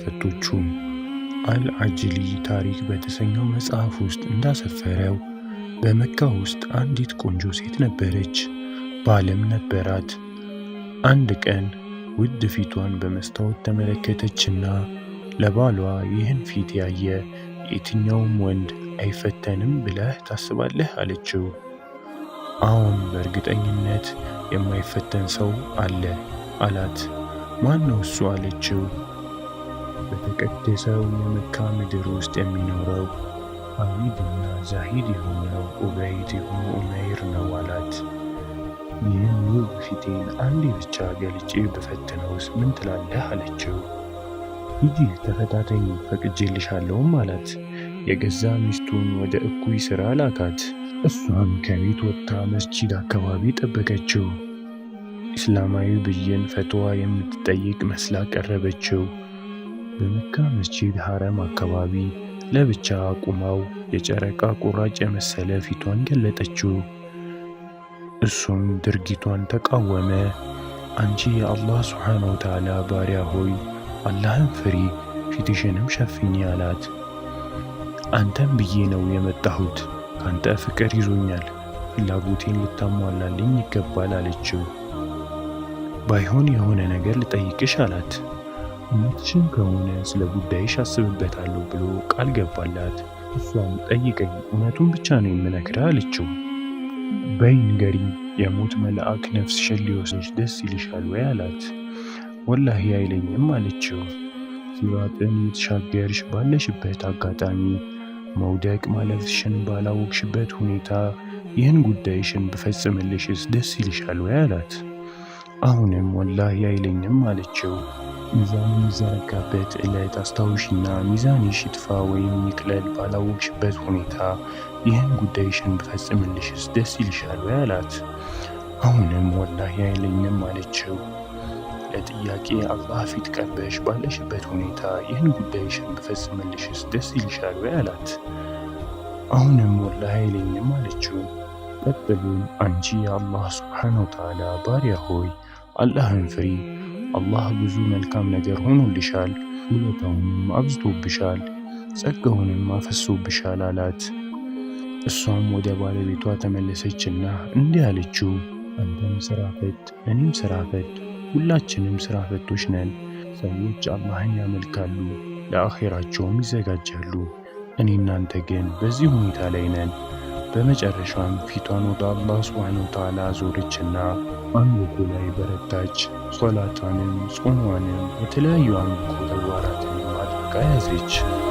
ፈቶቹ አል አጅሊ ታሪክ በተሰኘው መጽሐፍ ውስጥ እንዳሰፈረው በመካ ውስጥ አንዲት ቆንጆ ሴት ነበረች፣ ባለም ነበራት። አንድ ቀን ውድ ፊቷን በመስታወት ተመለከተችና ለባሏ ይህን ፊት ያየ የትኛውም ወንድ አይፈተንም ብለህ ታስባለህ? አለችው። አሁን በእርግጠኝነት የማይፈተን ሰው አለ አላት። ማን ነው እሱ? አለችው። በተቀደሰው የመካ ምድር ውስጥ የሚኖረው ሐሚድና ዛሂድ የሆነው ኡበይድ ኢብኑ ኡመይር ነው አላት። ይህን ውብ ፊቴን አንዴ ብቻ ገልጬ ብፈትነውስ ምን ትላለህ? አለችው። ሂጂ ተፈታተኝ፣ ፈቅጄልሻለሁም አላት። የገዛ ሚስቱን ወደ እኩይ ሥራ ላካት። እሷም ከቤት ወጥታ መስጂድ አካባቢ ጠበቀችው። ኢስላማዊ ብይን ፈትዋ የምትጠይቅ መስላ ቀረበችው። በመካ መስጂድ ሐረም አካባቢ ለብቻ ቁመው የጨረቃ ቁራጭ የመሰለ ፊቷን ገለጠችው። እሱም ድርጊቷን ተቃወመ። አንቺ የአላህ ስብሓነ ወተዓላ ባሪያ ሆይ አላህን ፍሪ፣ ፊትሽንም ሸፍኝ አላት። አንተም ብዬ ነው የመጣሁት፣ ካንተ ፍቅር ይዞኛል፣ ፍላጎቴን ልታሟላልኝ ይገባል አለችው። ባይሆን የሆነ ነገር ልጠይቅሽ አላት። የምትሽም ከሆነ ስለ ጉዳይሽ አስብበታለሁ ብሎ ቃል ገባላት። እሷም ጠይቀኝ፣ እውነቱን ብቻ ነው የምነግርህ አለችው። በይ ንገሪኝ፣ የሞት መልአክ ነፍስሽን ሊወስድሽ ደስ ይልሻል ወይ አላት። ወላሂ አይለኝም አለችው። ሲራጥን የተሻገርሽ ባለሽበት አጋጣሚ መውደቅ ማለፍሽን ባላወቅሽበት ሁኔታ ይህን ጉዳይሽን ብፈጽምልሽስ ደስ ይልሻል ወይ አላት። አሁንም ወላሂ አይለኝም አለችው። ሚዛኑ የሚዘረጋበት ዕለት አስታውሽና ሚዛንሽ ይጥፋ ወይም ይቅለል ባላወቅሽበት ሁኔታ ይህን ጉዳይሽን ብፈጽምልሽስ ደስ ይልሻል ወይ አላት። አሁንም ወላሂ አይለኝም አለችው። ለጥያቄ አላህ ፊት ቀርበሽ ባለሽበት ሁኔታ ይህን ጉዳይሽን ብፈጽምልሽስ ደስ ይልሻል ወይ አላት። አሁንም ወላሂ አይለኝም አለችው። ቀጥሉም አንቺ የአላህ ስብሓነ ወተዓላ ባሪያ ሆይ አላህን ፍሪ አላህ ብዙ መልካም ነገር ሆኖልሻል፣ ውለታውንም አብዝቶብሻል፣ ጸጋውንም አፈሶብሻል አላት። እሷም ወደ ባለቤቷ ተመለሰችና እንዲህ አለችው፣ አንተም ስራ ፈት፣ እኔም ስራ ፈት፣ ሁላችንም ስራ ፈቶች ነን። ሰዎች አላህን ያመልካሉ፣ ለአኼራቸውም ይዘጋጃሉ። እኔ እናንተ ግን በዚህ ሁኔታ ላይ ነን። በመጨረሻም ፊቷን ወደ አላህ ሱብሓነሁ ወተዓላ ዞረችና አምልኮ ላይ በረታች። ሶላቷንም፣ ጾሟንም የተለያዩ አምልኮ ተግባራትን ማድረግ ያዘች።